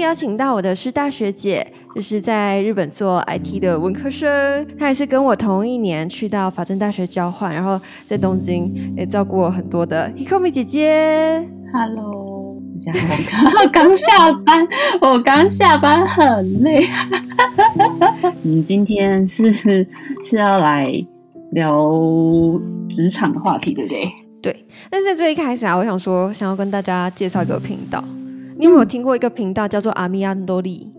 邀請到我的是大學姐，就是在日本做 IT 的文科生，她也是跟我同一年去到法政大學交換，然後在東京也照顧我很多的 Hikomi 姐姐。Hello，大家好，剛下班，我剛下班很累。我 們、嗯、今天是是要來聊職場的話題，對不對？對。那在最一開始啊，我想說，想要跟大家介紹一個頻道。你有沒有聽過一個頻道叫做阿米安多利？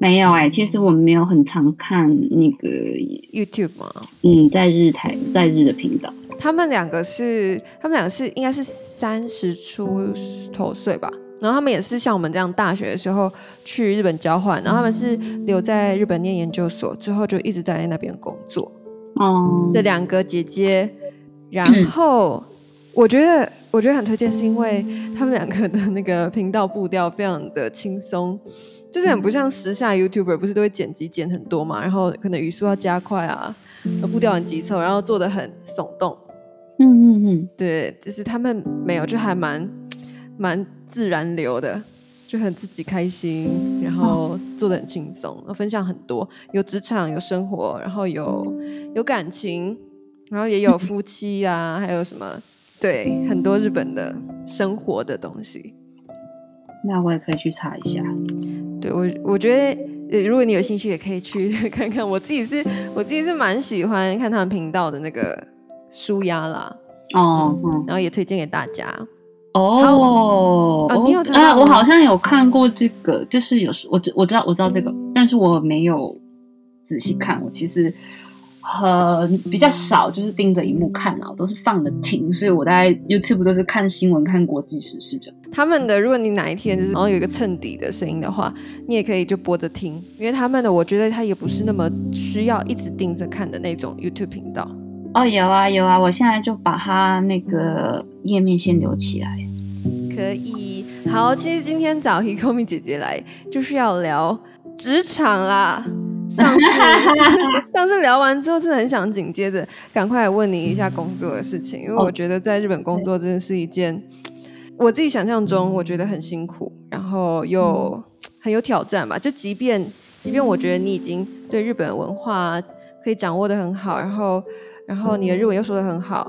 沒有哎、欸，其實我們沒有很常看那個 YouTube 嘛嗎。嗯，在日台，在日的頻道。他們兩個是，他們兩個是應該是三十出頭歲吧。然後他們也是像我們這樣大學的時候去日本交換，然後他們是留在日本念研究所，之後就一直在那邊工作。哦、嗯，這兩個姐姐，然後、嗯、我覺得。我覺得很推薦，是因為他們兩個的那個頻道步調非常的輕鬆，就是很不像時下 YouTuber，不是都會剪輯剪很多嘛，然後可能語速要加快啊，步調很急促，然後做的很聳動。嗯嗯嗯，嗯嗯對，就是他們沒有，就還蠻蠻自然流的，就很自己開心，然後做的很輕鬆，分享很多，有職場，有生活，然後有有感情，然後也有夫妻啊，還有什麼。對，很多日本的生活的東西，那我也可以去查一下。對，我我覺得、呃，如果你有興趣，也可以去看看。我自己是我自己是蠻喜歡看他們頻道的那個舒壓啦，哦、嗯，嗯、然後也推薦給大家。Oh, 哦，哦哦啊，啊啊我好像有看過這個，就是有我知我知道我知道這個，嗯、但是我沒有仔細看。嗯、我其實。很比較少，就是盯着螢幕看了，我都是放着聽，所以我大概 YouTube 都是看新聞、看國際時事的。他們的，如果你哪一天就是然後有一個襯底的聲音的話，你也可以就播着聽，因為他們的，我覺得他也不是那麼需要一直盯着看的那種 YouTube 頻道。哦，有啊有啊，我現在就把它那個頁面先留起來。可以。好，嗯、其實今天找 Hikomi 姐姐來就是要聊職場啦。上次 上次聊完之後真的很想緊接着趕快問你一下工作的事情，因為我覺得在日本工作真的是一件，我自己想象中我覺得很辛苦，然後又很有挑戰吧。就即便即便我覺得你已經對日本文化可以掌握的很好，然後然後你的日文又說的很好，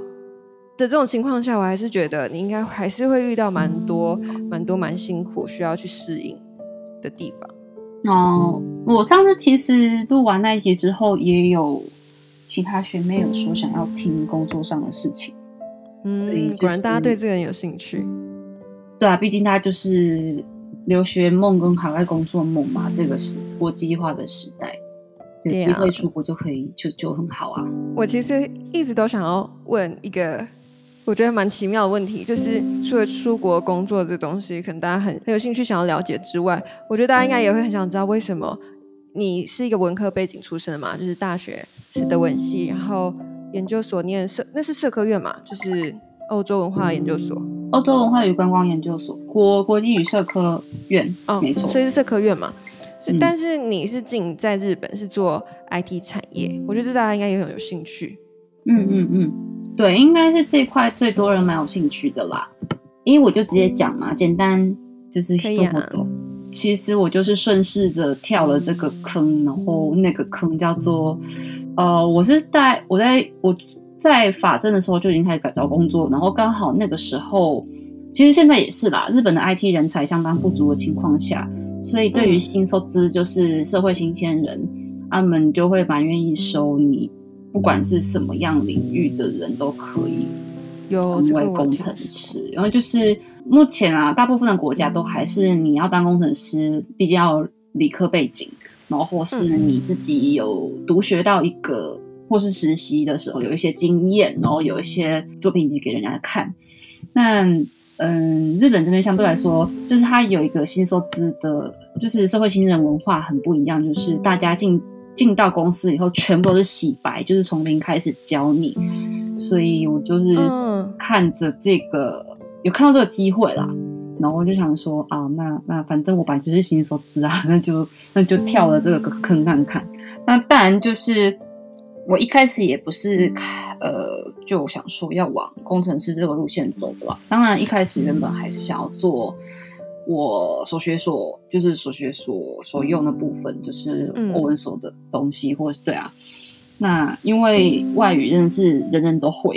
的這種情況下，我還是覺得你應該還是會遇到蠻多蠻多蠻辛苦需要去適應的地方。哦，我上次其實錄完那一集之後，也有其他學妹有說想要聽工作上的事情。嗯，果、就是、果然大家對這個很有興趣，對啊，畢竟他就是留學夢跟海外工作夢嘛，嗯、這個是國際化的時代，有機會出國就可以，就就很好啊。我其實一直都想要問一個。我覺得蠻奇妙的問題，就是除了出國工作的這東西，可能大家很很有興趣想要了解之外，我覺得大家應該也會很想知道，為什麼你是一個文科背景出身的嘛？就是大學是德文系，然後研究所念社，那是社科院嘛？就是歐洲文化研究所、嗯、歐洲文化與觀光研究所、國國際與社科院，哦，沒錯，所以是社科院嘛？所以嗯、但是你是進在日本是做 IT 產業，我覺得這大家應該也很有興趣。嗯嗯嗯。嗯嗯對，應該是這塊最多人蠻有興趣的啦，因為我就直接講嘛，嗯、簡單就是差不多。啊、其實我就是順勢着跳了這個坑，然後那個坑叫做，嗯、呃，我是在我在我在法政的時候就已經開始找工作，然後剛好那個時候，其實現在也是啦，日本的 IT 人才相當不足的情況下，所以對於新收資，就是社會新鮮人，嗯、他們就會蠻願意收你。嗯不管是什麼樣領域的人都可以成為工程師。然後、這個、就是目前啊，大部分的國家都還是你要當工程師，比較理科背景，然後或是你自己有讀學到一個，或是實習的時候有一些經驗，然後有一些作品集給人家看。那嗯，日本這邊相對來說，就是它有一個新收資的，就是社會新人文化很不一樣，就是大家進。進到公司以後，全部都是洗白，就是從零開始教你，嗯、所以我就是看着這個、嗯、有看到這個機會啦，然後我就想說啊，那那反正我本來就是新卒啊，那就那就跳了這個坑看看。嗯、那當然就是我一開始也不是呃就我想說要往工程師這個路線走的啦，當然一開始原本還是想要做。嗯我所學所就是所學所所用的部分，就是歐文所的東西，嗯、或者對啊。那因為外語真的是人人都會，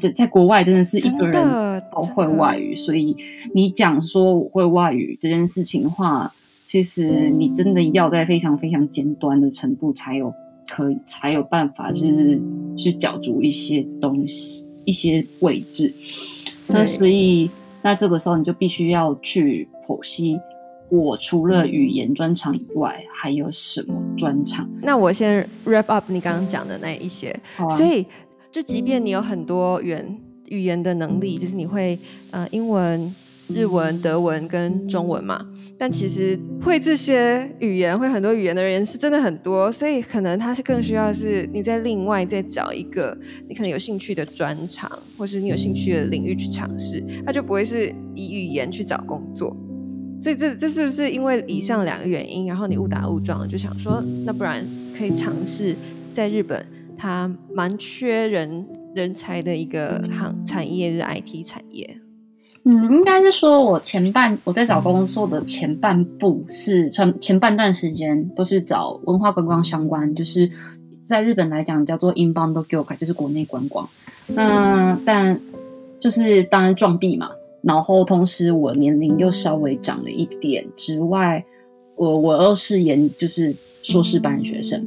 在、嗯、 在國外真的是一個人都會外語，所以你講說我會外語這件事情的話，嗯、其實你真的要在非常非常尖端的程度才有可以、嗯、才有辦法去，就是、嗯、去角逐一些東西一些位置。那對所以。那這個時候你就必須要去剖析，我除了語言專長以外，嗯、還有什麼專長？那我先 wrap up 你剛剛講的那一些，啊、所以就即便你有很多語言語言的能力，嗯、就是你會呃英文。日文、德文跟中文嘛，但其實會這些語言、會很多語言的人是真的很多，所以可能他是更需要是你在另外再找一個你可能有興趣的專長，或是你有興趣的領域去嘗試，他就不會是以語言去找工作。所以這這是不是因為以上兩個原因，然後你誤打誤撞就想說，那不然可以嘗試在日本，它蠻缺人人才的一個行產業是 IT 產業。嗯，應該是說，我前半我在找工作的前半部是前前半段時間都是找文化觀光相關，就是在日本來講叫做インバウンド業界，就是國內觀光。嗯，嗯，但就是當然撞壁嘛。然後同時我年齡又稍微長了一點之外，我我又是研就是碩士班學生。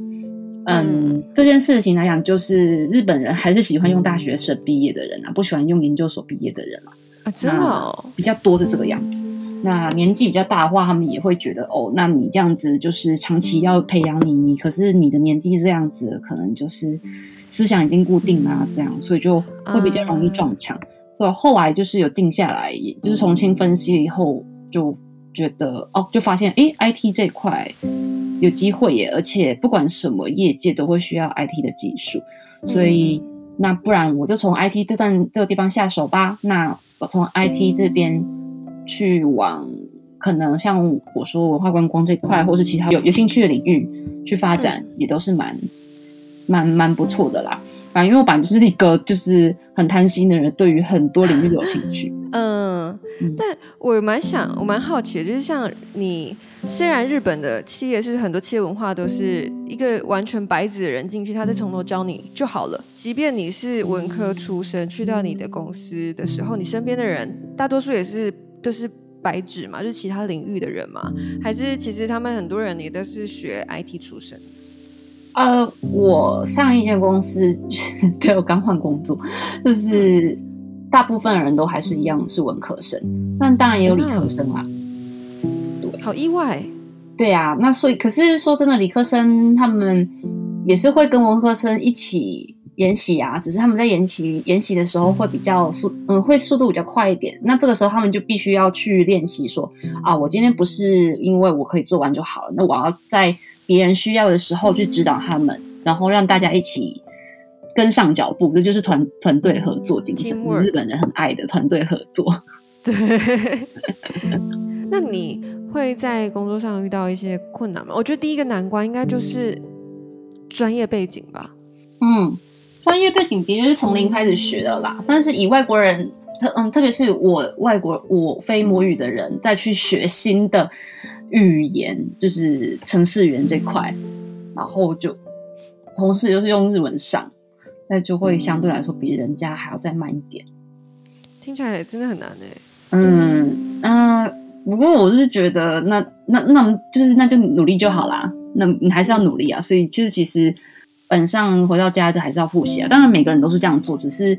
嗯，嗯嗯，這件事情來講，就是日本人還是喜歡用大學生畢業的人啊，不喜歡用研究所畢業的人啊。啊，真的比較多是這個樣子。嗯、那年紀比較大的話，他們也會覺得哦，那你這樣子就是長期要培養你，你可是你的年紀這樣子，可能就是思想已經固定啊，這樣，嗯、所以就會比較容易撞牆。啊、所以後來就是有靜下來也，也就是重新分析以後，嗯、就覺得哦，就發現誒、欸、IT 這塊有機會耶，而且不管什麼業界都會需要 IT 的技術，所以、嗯、那不然我就從 IT 這段這個地方下手吧。那從 IT 這邊去往，可能像我說文化觀光這塊，或是其他有有興趣的領域去發展，也都是蠻、蠻、蠻不錯的啦。反正因為我本身就是一個就是很貪心的人，對於很多領域都有興趣。嗯，嗯但我蠻想，我蠻好奇的，就是像你，雖然日本的企業是很多企業文化都是一個完全白紙的人進去，他再從頭教你就好了。即便你是文科出身，去到你的公司的時候，你身邊的人大多數也是都是白紙嘛，就是其他領域的人嘛，還是其實他們很多人也都是學 IT 出身。呃，我上一間公司， 對，我剛換工作，就是。嗯大部分人都還是一樣是文科生，但當然也有理科生啦。啊、好意外對。對啊，那所以可是說真的，理科生他們也是會跟文科生一起研習啊，只是他們在研習研習的時候會比較速，嗯、呃，會速度比較快一點。那這個時候他們就必須要去練習說啊，我今天不是因為我可以做完就好了，那我要在別人需要的時候去指導他們，然後讓大家一起。跟上腳步，這就是團團隊合作精神。日 Team work. 本人很愛的團隊合作。對， 那你會在工作上遇到一些困難嗎？我覺得第一個難關應該就是專業背景吧。嗯，專業背景的確是從零開始學的啦。嗯、但是以外國人，特嗯，特別是我外國我非母語的人、嗯、再去學新的語言，就是程式語言這塊，嗯、然後就同時就是用日文上，那就會相對來說比人家還要再慢一點，嗯，聽起來真的很難呢、欸，嗯嗯、呃，不過我是覺得那，那那那，那就是那就努力就好啦。那你還是要努力啊。所以就其實其實，晚上回到家就還是要復習啊。嗯、當然，每個人都是這樣做，只是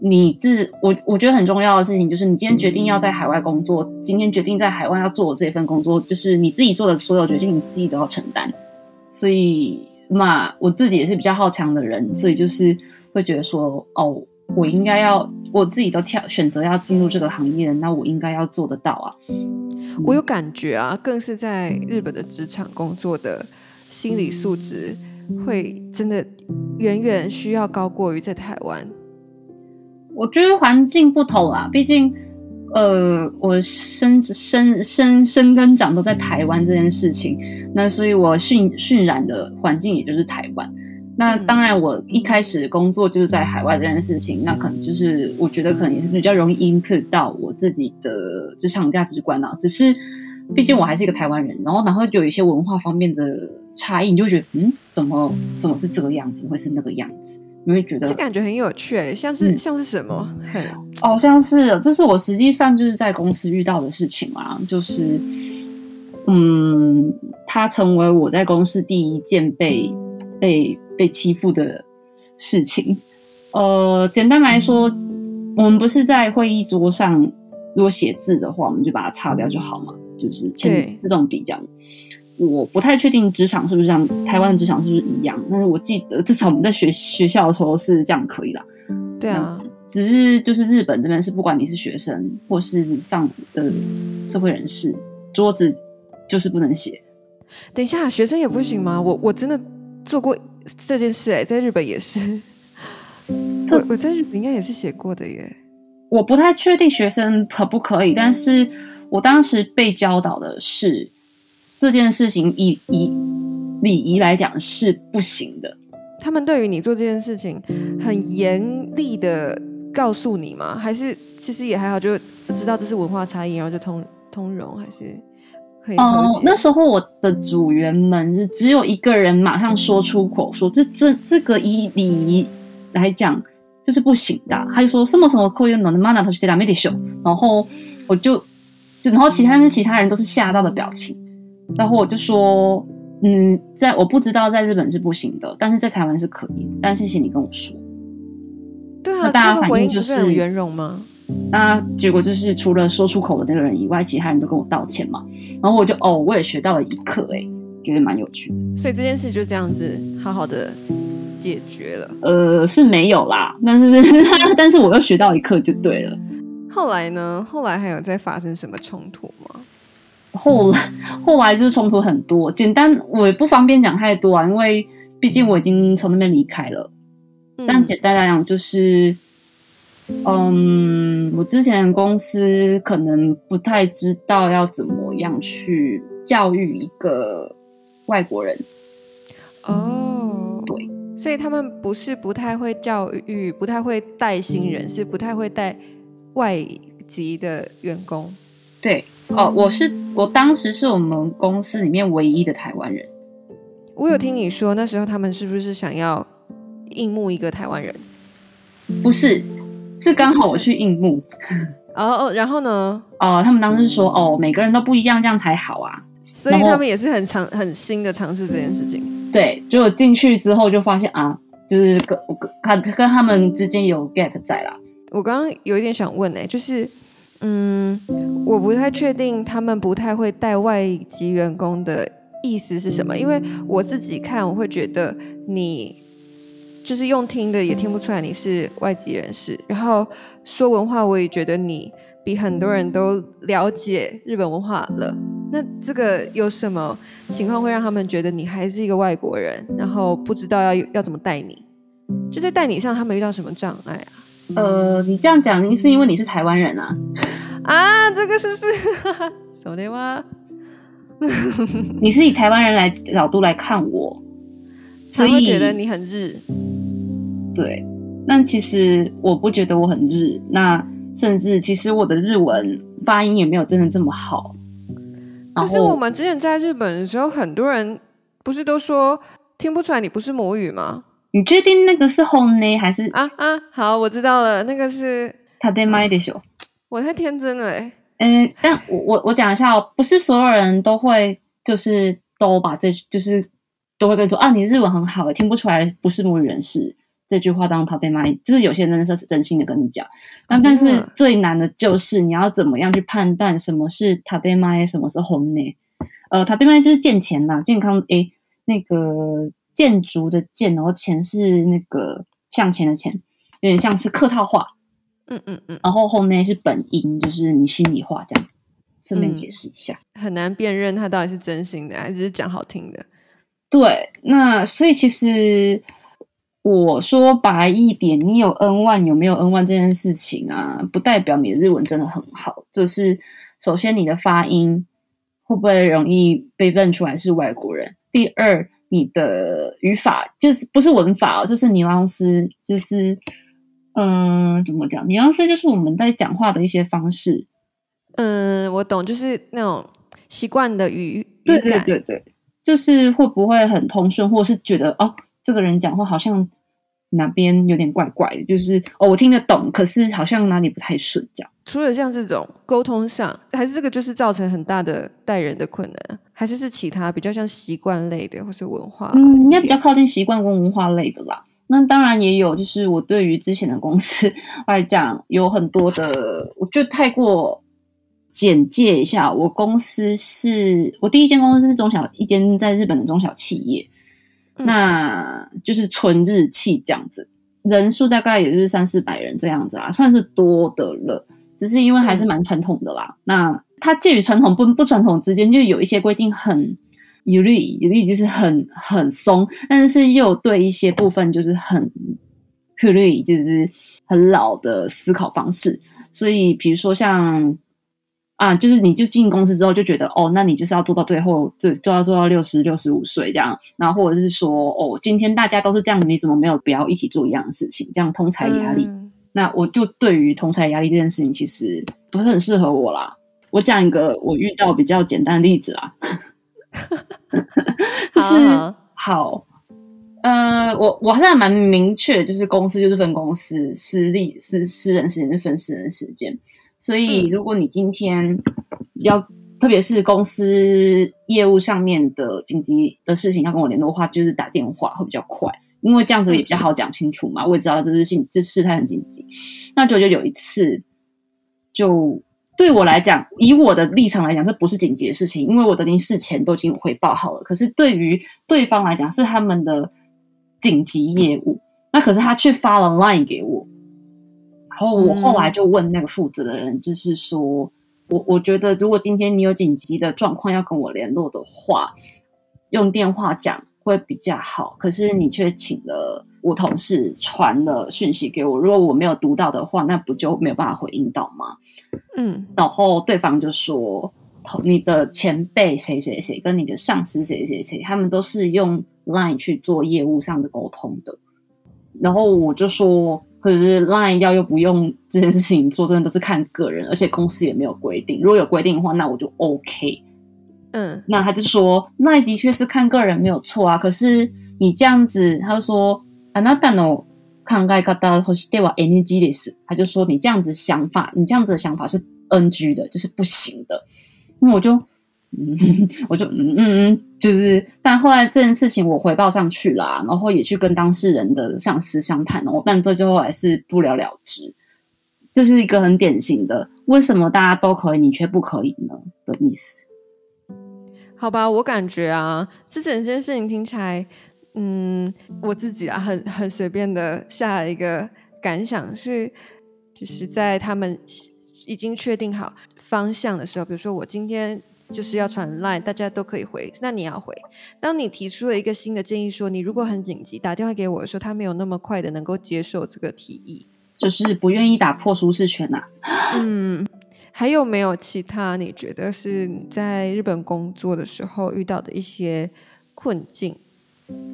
你自我我覺得很重要的事情就是，你今天決定要在海外工作，嗯、今天決定在海外要做的這份工作，就是你自己做的所有決定，你自己都要承擔。所以。那我自己也是比較好強的人，所以就是會覺得說，哦，我應該要我自己都挑選擇要進入這個行業，那我應該要做得到啊。我有感覺啊，更是在日本的職場工作的心理素質會真的遠遠需要高過於在台灣。我覺得環境不同啊，畢竟。呃，我生生生生跟長都在台灣這件事情，那所以我渲渲染的環境也就是台灣。那當然，我一開始工作就是在海外這件事情，那可能就是我覺得可能也是比較容易 input 到我自己的職場價值觀啊。只是畢竟我還是一個台灣人，然後然後有一些文化方面的差異，你就會覺得嗯，怎麼怎麼是這個樣子，怎麼會是那個樣子。你會覺得這感覺很有趣、欸、像是、嗯、像是什麼？很哦，像是這是我實際上就是在公司遇到的事情嘛、啊，就是嗯，它成為我在公司第一件被被被欺負的事情。呃，簡單來說，嗯、我們不是在會議桌上如果寫字的話，我們就把它擦掉就好嘛，就是簽自動筆講。對這種比較我不太確定職場是不是這樣，台灣的職場是不是一樣？但是我記得至少我們在學學校的時候是這樣可以啦。對啊、嗯，只是就是日本這邊是不管你是學生或是上呃社會人士，桌子就是不能寫。等一下，學生也不行嗎？我我真的做過這件事哎、欸，在日本也是。 我我在日本應該也是寫過的耶。我不太確定學生可不可以，但是我當時被教導的是。這件事情以以禮儀來講是不行的。他們對於你做這件事情很嚴厲的告訴你嗎？還是其實也還好，就知道這是文化差異，然後就通通融還是可以？哦、呃，那時候我的組員們只有一個人馬上說出口說，說、嗯、這這這個以禮儀來講就是不行的。他就說什麼什麼 culture，然後我就，然後其他人，其他人都是嚇到的表情。嗯然後我就說，嗯，在我不知道在日本是不行的，但是在台灣是可以。但謝謝你跟我說，對啊，大家反應就是、是很圓融嗎？啊，結果就是除了說出口的那個人以外，其他人都跟我道歉嘛。然後我就哦，我也學到了一課、欸，誒覺得蠻有趣的。所以這件事就這樣子好好的解決了。呃，是沒有啦，但是但是我又學到一課就對了。後來呢？後來還有再發生什麼衝突嗎？後、嗯、後來就是衝突很多，簡單我也不方便講太多啊，因為畢竟我已經從那邊離開了。但簡單來講，就是嗯，嗯，我之前公司可能不太知道要怎麼樣去教育一個外國人。哦，對，所以他們不是不太會教育，不太會帶新人，嗯、是不太會帶外籍的員工。對，哦，嗯、我是。我當時是我們公司裡面唯一的台灣人。我有聽你說那時候他們是不是想要應募一個台灣人？不是，是剛好我去應募、哦。哦，然後呢？哦，他們當時說哦，每個人都不一樣，這樣才好啊。所以然後，他們也是很嘗很新的嘗試這件事情。對，就我進去之後就發現啊，就是跟跟跟他們之間有 gap 在啦。我剛剛有一點想問呢、欸，就是。嗯，我不太確定他們不太會帶外籍員工的意思是什麼，因為我自己看，我會覺得你就是用聽的也聽不出來你是外籍人士，然後說文化我也覺得你比很多人都了解日本文化了。那這個有什麼情況會讓他們覺得你還是一個外國人？然後不知道要要怎麼帶你，就在帶你上他們遇到什麼障礙啊？呃，你這樣講是因為你是台灣人啊？啊，這個是是，所以哇， 你是以台灣人來角度來看我，所以覺得你很日。對，那其實我不覺得我很日，那甚至其實我的日文發音也沒有真的這麼好。就是我們之前在日本的時候，很多人不是都說聽不出來你不是母語嗎？你確定那個是本音還是啊啊？好，我知道了，那個是建前的 show。我太天真了，哎，嗯，但我我我講一下哦，不是所有人都會、就是都，就是都把這就是都會跟你說啊，你日文很好，聽不出來不是母語人士這句話當中建前就是有些人是真心的跟你講，但但是最難的就是你要怎麼樣去判斷什麼是建前什麼是本音？呃，建前就是建前啦，健康誒那個。建築的建，然後前是那個向前的前，有點像是客套話，嗯。嗯嗯嗯。然後後面是本音，就是你心裡話這樣。順便解釋一下，嗯、很難辨認他到底是真心的還是講好聽的。對，那所以其實我說白一點，你有 N1 有沒有 N1 這件事情啊，不代表你的日文真的很好。就是首先你的發音會不會容易被認出來是外國人？第二。你的語法就是不是文法哦，就是尼昂斯，就是嗯，怎麼講？尼昂斯就是我們在講話的一些方式。嗯，我懂，就是那種習慣的語，語感。對對對對，就是會不會很通順，或是覺得哦，這個人講話好像。哪邊有點怪怪的，就是哦，我聽得懂，可是好像哪裡不太順，這樣。除了像這種溝通上，還是這個就是造成很大的待人的困難，還是是其他比較像習慣類的，或是文化類的。嗯，應該比較靠近習慣跟文化類的啦。那當然也有，就是我對於之前的公司來講，有很多的，我就太過簡介一下。我公司是我第一間公司是中小一間在日本的中小企業。那就是純日系這樣子，嗯、人數大概也就是三四百人，這樣子啊，算是多的了。只是因為還是蠻傳統的啦，嗯、那它介於傳統不不傳統之間，就有一些規定很有利有利，就是很很鬆，但是又對一些部分就是很忽略，就是很老的思考方式。所以比如說像。啊，就是你就進公司之後，就覺得哦，那你就是要做到最後，最就要做到六十六十五歲這樣，然後或者是說哦，今天大家都是這樣，你怎麼沒有不要一起做一樣的事情？這樣同儕壓力。嗯、那我就對於同儕壓力這件事情，其實不是很適合我啦。我講一個我遇到比較簡單的例子啦， 就是好，好，嗯、呃，我我現在蠻明確，就是公司就是分公司，私利私私人時間是分私人時間。所以，如果你今天要，特別是公司業務上面的緊急的事情要跟我聯絡的話，就是打電話會比較快，因為這樣子也比較好講清楚嘛。我也知道這是事這事態很緊急，那我就有一次，就對我來講，以我的立場來講，這不是緊急的事情，因為我的事前都已經匯報好了。可是對於對方來講，是他們的緊急業務，那可是他卻發了 Line 給我。然後我後來就問那個負責的人，就是說，嗯、我我覺得如果今天你有緊急的狀況要跟我聯絡的話，用電話講會比較好。可是你卻請了我同事傳了訊息給我，如果我沒有讀到的話，那不就沒有辦法回應到嗎？嗯。然後對方就說，你的前輩誰誰誰跟你的上司誰誰誰，他們都是用 Line 去做業務上的溝通的。然後我就說，可是 Line 要又不用這件事情，做真的都是看個人，而且公司也沒有規定。如果有規定的話，那我就 OK。嗯，那他就說，那的確是看個人沒有錯啊。可是你這樣子，他就說，あなたの，考え方は NG です，他就說你這樣子想法，你這樣子的想法是 NG 的，就是不行的。那我就，嗯、我就嗯嗯嗯。嗯就是，但後來這件事情我回報上去了，啊，然後也去跟當事人的上司商談，哦，然但最後還是不了了之。這，就是一個很典型的，為什麼大家都可以，你卻不可以呢？的意思。好吧，我感覺啊，之前這整件事情聽起來，嗯，我自己啊，很很隨便的下了一個感想，是就是在他們已經確定好方向的時候，比如說我今天。就是要傳 LINE，大家都可以回。那你要回。當你提出了一個新的建議說，說你如果很緊急，打電話給我說，他沒有那麼快的能夠接受這個提議，就是不願意打破舒適圈啊。嗯，還有沒有其他你覺得是你在日本工作的時候遇到的一些困境？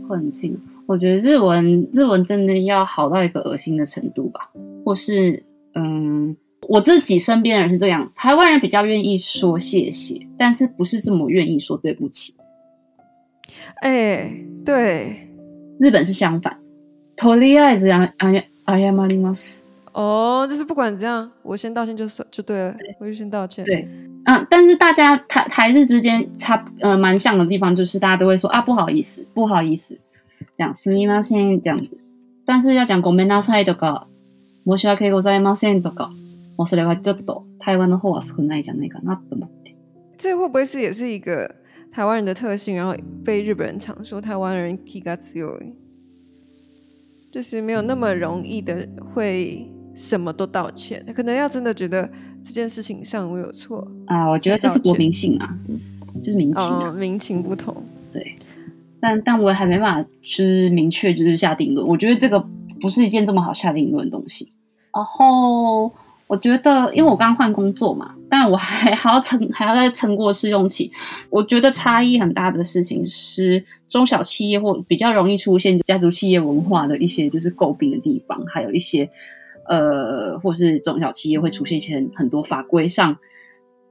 困境？我覺得日文，日文真的要好到一個噁心的程度吧？或是，嗯。我自己身邊的人是這樣，台灣人比較願意說謝謝，但是不是這麼願意說對不起。哎、欸，對，日本是相反。とりあえず、あやまります。哦，就是不管這樣，我先道歉就算就對了，對我就先道歉。對，嗯，但是大家台台日之間差呃蠻像的地方，就是大家都會說啊不好意思，不好意思，這樣すみません這樣子，但是要講ごめんなさいとか、申し訳ご我それはちょっと台灣の方は少ないじゃないかなと思って。這會不會是也是一個台灣人的特性，然後被日本人常說台灣人気が強い，就是沒有那麼容易的會什麼都道歉，可能要真的覺得這件事情上我有錯啊。我覺得這是國民性啊，嗯、就是民情啊、哦、民情不同。嗯、對，但但我還沒辦法去明確就是下定論。我覺得這個不是一件這麼好下定論的東西。然後。我覺得，因為我剛剛換工作嘛，但我還還要撐，還要再撐過試用期。我覺得差異很大的事情是，中小企業或比較容易出現家族企業文化的一些就是詬病的地方，還有一些，呃，或是中小企業會出現一些很多法規上，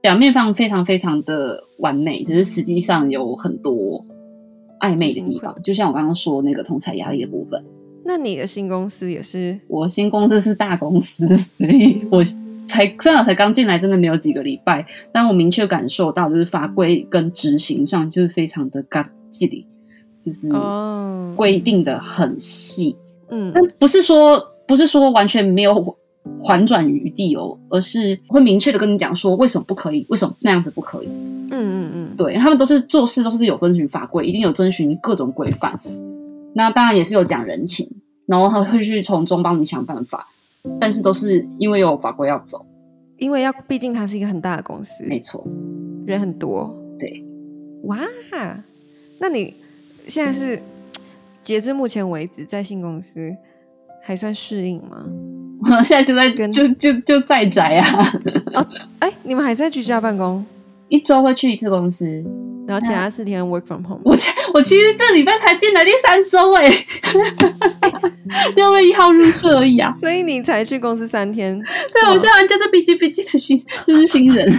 表面上非常非常的完美，可是實際上有很多曖昧的地方。像就像我剛剛說那個同儕壓力的部分。那你的新公司也是？我新公司是大公司，所以我才雖然才剛進來，真的沒有幾個禮拜，但我明確感受到，就是法規跟執行上就是非常的乾淨，就是哦，規定的很細，嗯、哦，但不是說不是說完全沒有緩轉餘地哦，而是會明確的跟你講說為什麼不可以，為什麼那樣子不可以，嗯嗯嗯，對，他們都是做事都是有遵循法規，一定有遵循各種規範。那當然也是有講人情，然後他會去從中幫你想辦法，但是都是因為有法規要走，因為要畢竟它是一個很大的公司，沒錯錯，人很多，對，哇，那你現在是對截至目前為止在新公司還算適應嗎？我現在就在，跟就就就在宅啊，哎、 哦，欸，你們還在居家辦公，一周會去一次公司？然後其他四天 work from home、啊。我我其實這禮拜才進來第三周哎，六 月一號入社而已啊。 所以你才去公司三天。對，嗎我現在就是 B G B G 的新，就是新人。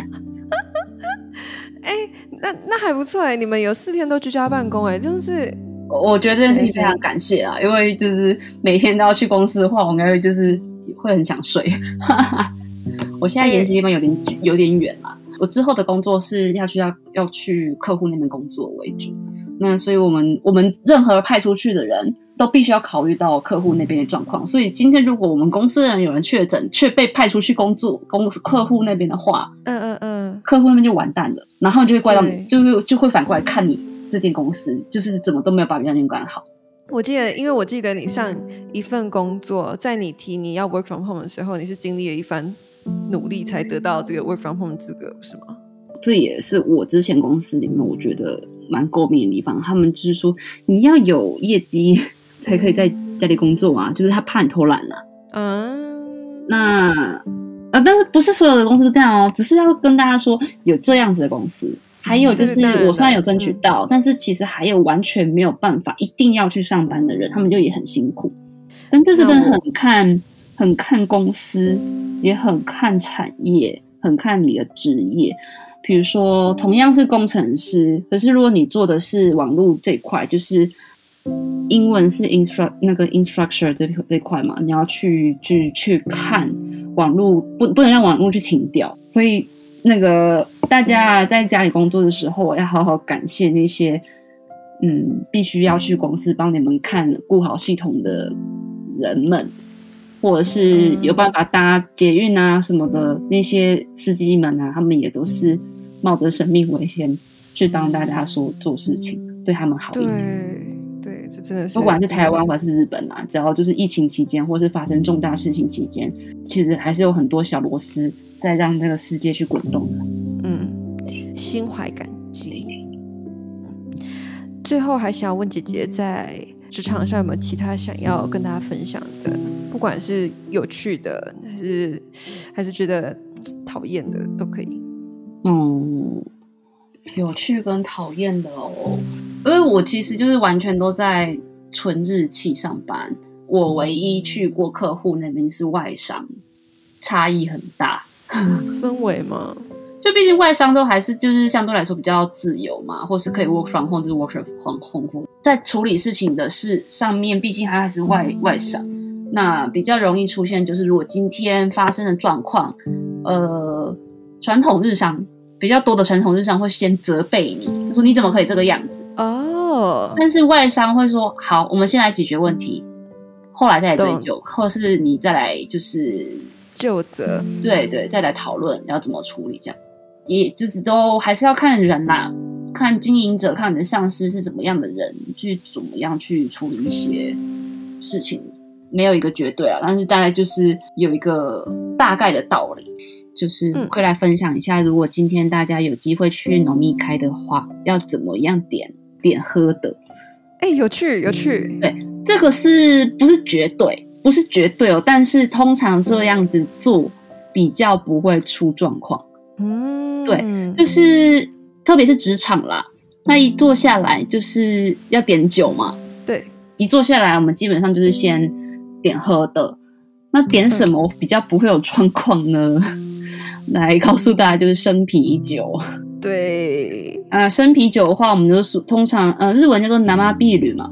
哎、 欸，那那還不錯哎，你們有四天都居家辦公哎，真的是我。我覺得這件事情非常感謝啊，因為就是每天都要去公司的話，我應該就是會很想睡。 我現在延遲地方有點、欸、有點遠嘛。我之後的工作是要去要要去客戶那邊工作為主，那所以我們我們任何派出去的人都必須要考慮到客戶那邊的狀況。所以今天如果我們公司的人有人確診卻被派出去工作，公客戶那邊的話，嗯嗯嗯，嗯嗯嗯客戶那邊就完蛋了，然後就會怪到你，對就是就會反過來看你這間公司，就是怎麼都沒有把你件事管好。我記得，因為我記得你上一份工作，在你提你要 work from home 的時候，你是經歷了一番。努力才得到這個 work from home 資格是嗎？這也是我之前公司裡面我覺得蠻詬病的地方。他們就是說，你要有業績才可以在家裡工作啊，就是他怕你偷懶啦、啊。嗯，那啊、呃，但是不是所有的公司都這樣哦？只是要跟大家說有這樣子的公司。還有就是我雖然有爭取到，嗯、但是其實還有完全沒有辦法一定要去上班的人，他們就也很辛苦。但這是跟很看。很看公司，也很看產業，很看你的職業。比如說，同樣是工程師，可是如果你做的是網絡這一塊，就是英文是 infra 那個 infrastructure 這這塊嘛，你要去去去看網絡，不不能讓網絡去停掉。所以，那個大家在家裡工作的時候，我要好好感謝那些嗯，必須要去公司幫你們看顧好系統的人們。或者是有辦法搭捷運啊什麼的，嗯、那些司機們啊，他們也都是冒着生命危險、嗯、去幫大家說做事情，嗯、對他們好一點。對、對，這真的是。不管是台灣，太或者是日本啊，只要就是疫情期間，或是發生重大事情期間，其實還是有很多小螺絲在讓這個世界去滾動。嗯，心懷感激。對對對。最後，還想問姐姐，在職場上有沒有其他想要跟大家分享的？嗯不管是有趣的還是還是覺得討厭的都可以。嗯，有趣跟討厭的哦，因為我其實就是完全都在純日企上班。我唯一去過客戶那邊是外商，差異很大。 氛圍嗎？就畢竟外商都還是就是相對來說比較自由嘛，或是可以 work from home，就是 work from home，在處理事情的事上面，畢竟他還，還是外、嗯、外商。那比較容易出現就是，如果今天發生的狀況，呃，傳統日商比較多的傳統日商會先責備你，就是、說你怎麼可以這個樣子哦。Oh. 但是外商會說好，我們先來解決問題，後來再來追究，Don 't. 或是你再來就是就責，嗯、對，對對，再來討論要怎麼處理這樣，也就是都還是要看人啦、啊，看經營者，看你的上司是怎麼樣的人去怎麼樣去處理一些事情。沒有一個絕對啊，但是大概就是有一個大概的道理，就是會來分享一下，嗯、如果今天大家有機會去飲み會的話，嗯、要怎麼樣點點喝的？誒、欸、有趣，有趣，嗯。對，這個是不是絕對？不是絕對哦，但是通常這樣子做比較不會出狀況。嗯，對，就是特別是職場啦，那一坐下來就是要點酒嘛。對，一坐下來，我們基本上就是先。點喝的，那點什麼比較不會有狀況呢？嗯、 來告訴大家，就是生啤酒。 對，啊、呃，生啤酒的話，我們就是通常，嗯、呃、日文叫做 namabiru 嘛。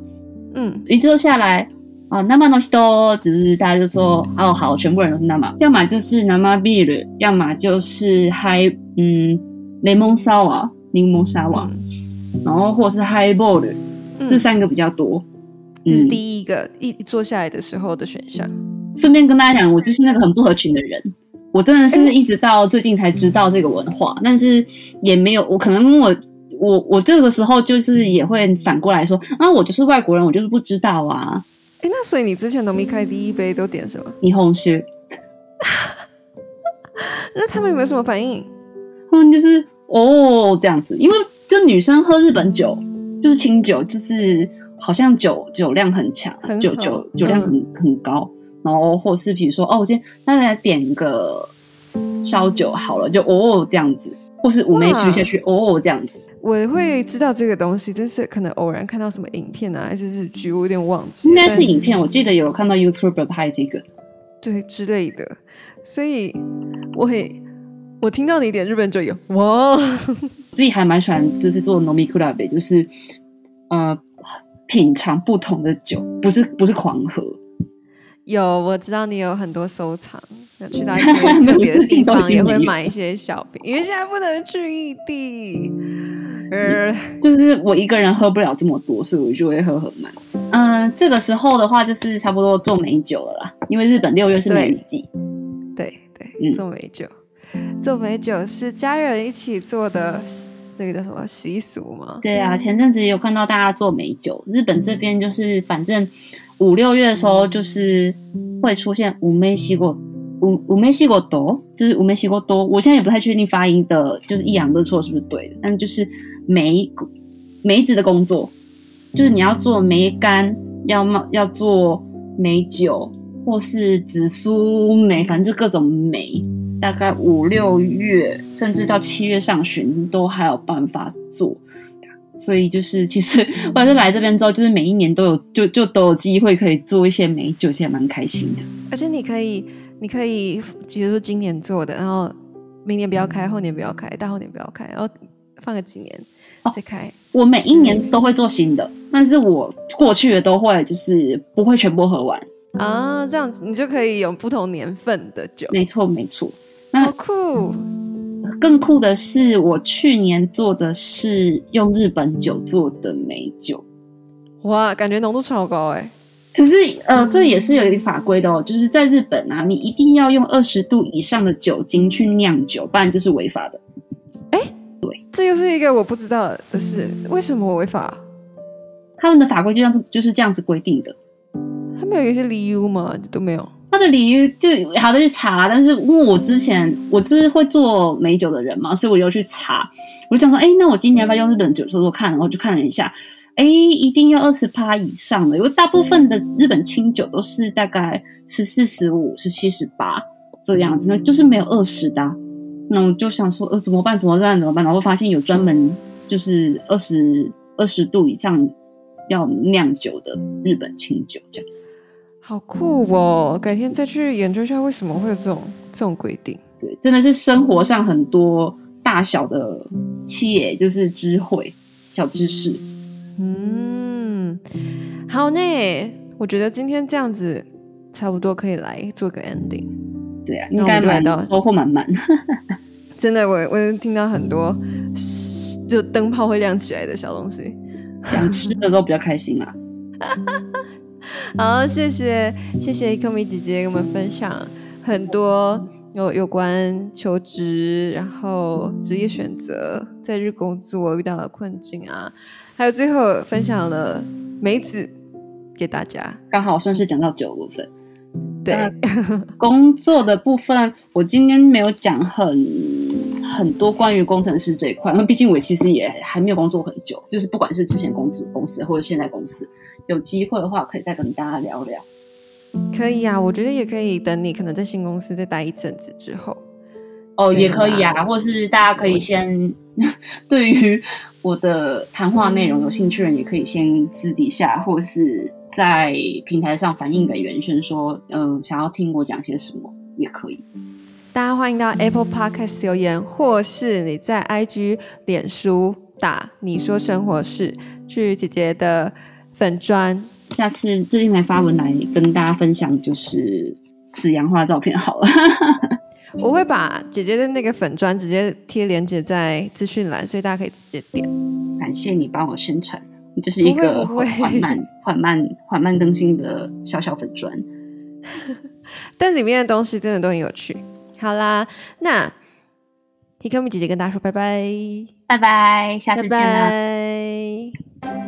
嗯，一坐下來啊，namano、呃、只是大家就說、嗯、哦，好，全部人都是 nama，要麼就是 namabiru 要麼就是 hai 嗯檸檬沙瓦檸檬沙瓦，嗯、然後或是 highball 這三個比較多。這是第一個一，嗯、坐下來的時候的選項。順便跟大家講，我就是那個很不合群的人。我真的是一直到最近才知道這個文化，欸，但是也沒有我可能我我我這個時候就是也會反過來說啊，我就是外國人，我就是不知道啊。哎、欸，那所以你之前都沒開第一杯都點什麼？霓虹酒。那他們有沒有什麼反應？他們、嗯、就是哦，這樣子，因為就女生喝日本酒就是清酒，就是。好像酒酒量很強，很好酒酒酒量很、嗯、很高，然後或是比如說哦，我今天那來點個燒酒好了，就哦，哦這樣子，或是我沒吃下去哇哦這樣子，我會知道這個東西，真是可能偶然看到什麼影片啊，還是日劇，我有點忘記，應該是影片，但我記得有看到 YouTuber 拍這個，對之類的，所以我會我聽到你一點日本酒有哇， 自己還蠻喜歡就比比，就是做 nomikurabe，就是呃。品嘗不同的酒，不是不是狂喝。有，我知道你有很多收藏，有去到沒有特別的地方 也會買一些小瓶。因為現在不能去異地。呃、嗯，就是我一個人喝不了這麼多，所以我就會喝很慢。嗯、呃，這個時候的話就是差不多做梅酒了啦，因為日本六月是梅酒季。對對，對對嗯、做梅酒，做梅酒是家人一起做的。那個叫什麼習俗嗎？對啊，前陣子有看到大家做梅酒，日本這邊就是反正五六月的時候就是會出現うめしご、う、うめしごと，就是うめしごと。我現在也不太確定發音的，就是抑揚頓挫是不是對的，但就是梅梅子的工作，就是你要做梅乾，要要要做梅酒，或是紫蘇梅，反正就各種梅。大概五六月，嗯、甚至到七月上旬都還有辦法做，嗯、所以就是其實我還是來這邊之後，嗯、就是每一年都有就就都有機會可以做一些美酒，現在蠻開心的、嗯。而且你可以你可以，比如說今年做的，然後明年不要開，嗯、後年不要開，大後年不要開，然後放個幾年再開。哦、再開我每一年都會做新的，是但是我過去的都會就是不會全部喝完、嗯、啊，這樣子你就可以有不同年份的酒。沒錯，沒錯。那好酷！更酷的是，我去年做的是用日本酒做的梅酒。哇，感覺濃度超高哎！可是，呃，這也是有一個法規的哦，就是在日本啊，你一定要用二十度以上的酒精去釀酒，不然就是違法的。哎、欸，對，這又是一個我不知道的事，為什麼我違法？他們的法規就像、是、就是這樣子規定的，他們有一些理由嘛？都沒有。他的理由就好的去查，但是因為我之前我就是會做美酒的人嘛，所以我又去查，我就想說，哎、欸，那我今年要不要用日本酒做做看？然後就看了一下，哎、欸，一定要二十趴以上的，因為大部分的日本清酒都是大概是十四、十五、十七十八這樣子，那就是沒有二十的、啊。那我就想說，呃，怎麼辦？怎麼辦？怎麼辦？然後發現有專門就是二十二十度以上要釀酒的日本清酒這樣。好酷哦！改天再去研究一下為什麼會有這種這種規定。對，真的是生活上很多大小的企就是智慧小知識。嗯，好呢，我覺得今天這樣子差不多可以來做個 ending。對啊，就來應該到收穫滿滿。 真的，我我聽到很多，就燈泡會亮起來的小東西。想吃的都比較開心啊。 好，謝謝謝謝 Hikomi 姐姐給我們分享很多有有關求職，然後職業選擇，在日工作遇到的困境啊，還有最後分享了梅子給大家。剛好我算是講到九部分，對，對 工作的部分，我今天沒有講很很多關於工程師這一塊，那畢竟我其實也還、還沒有工作很久，就是不管是之前工作公司、公司或者是現在公司。有機會的話，可以再跟大家聊聊。可以啊，我覺得也可以等你可能在新公司再待一陣子之後哦，可也可以啊，或是大家可以先想 對於我的談話內容有興趣的人，也可以先私底下或是在平台上反映給芫萱，說嗯、呃、想要聽我講些什麼也可以。大家歡迎到 Apple Podcast 留言，或是你在 IG 臉書打“你說生活是”嗯、去姐姐的。粉專，下次最近來發文來跟大家分享，就是紫陽花照片好了。我會把姐姐的那個粉專直接貼連結在資訊欄，所以大家可以直接點。感謝你幫我宣傳，就是一個緩慢、緩慢、緩慢更新的小小粉專， 但裡面的東西真的都很有趣。好啦，那 Hikomi 姐姐跟大家說拜拜，拜拜，下次見。拜拜。